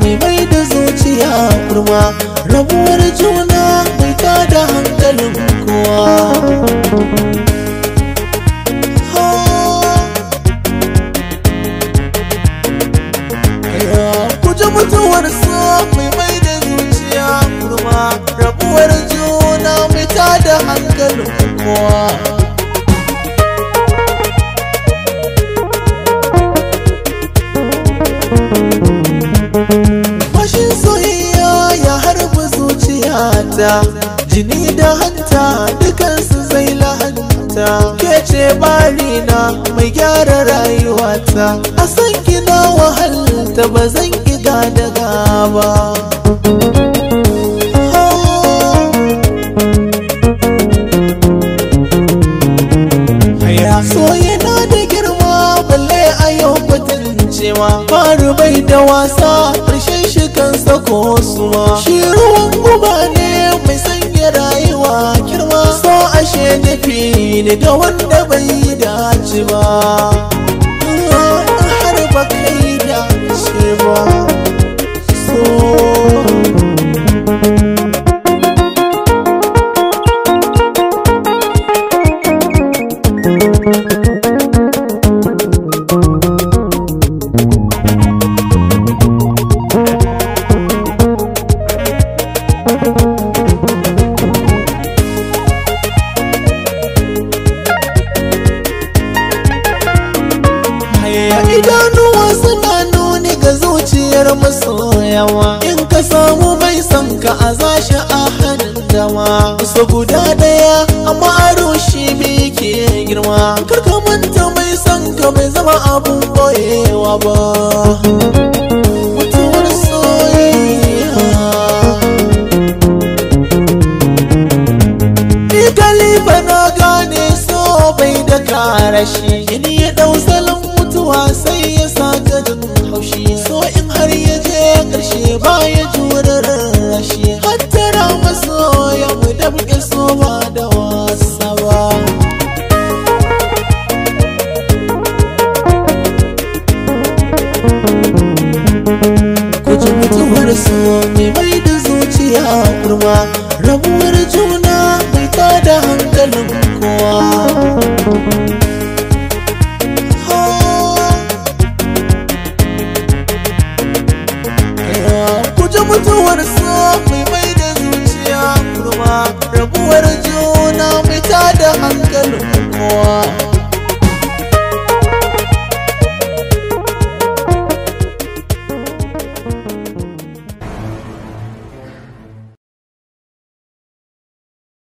mai mai da zuciya kurma rabuwar juna mai da hankalin kowa ku ji mai zuciyata jini da hanta dukansu zai lahanta ke ce barina mai gyara rayuwata a san kina wahalta ba zan ki gada gaba soyena da girma balle a yau kwatancewa faru bai da wasa ƙarshen shi kan sako suwa ni da wanda bai dace ba har ba kai shi ba so idanuwa suna nuni ga zuciyar masoyawa in ka samu mai son ka a zashi a hannun dama so guda daya amma a rushe me ke girma kar ka manta mai son ka bai zama abun boyewa ba kara shi ba baya jurar rashe hattara masoya mu dabke so ba da wasa ba ku ji mutuwar so mai mai da zuciya kurma rabuwar juna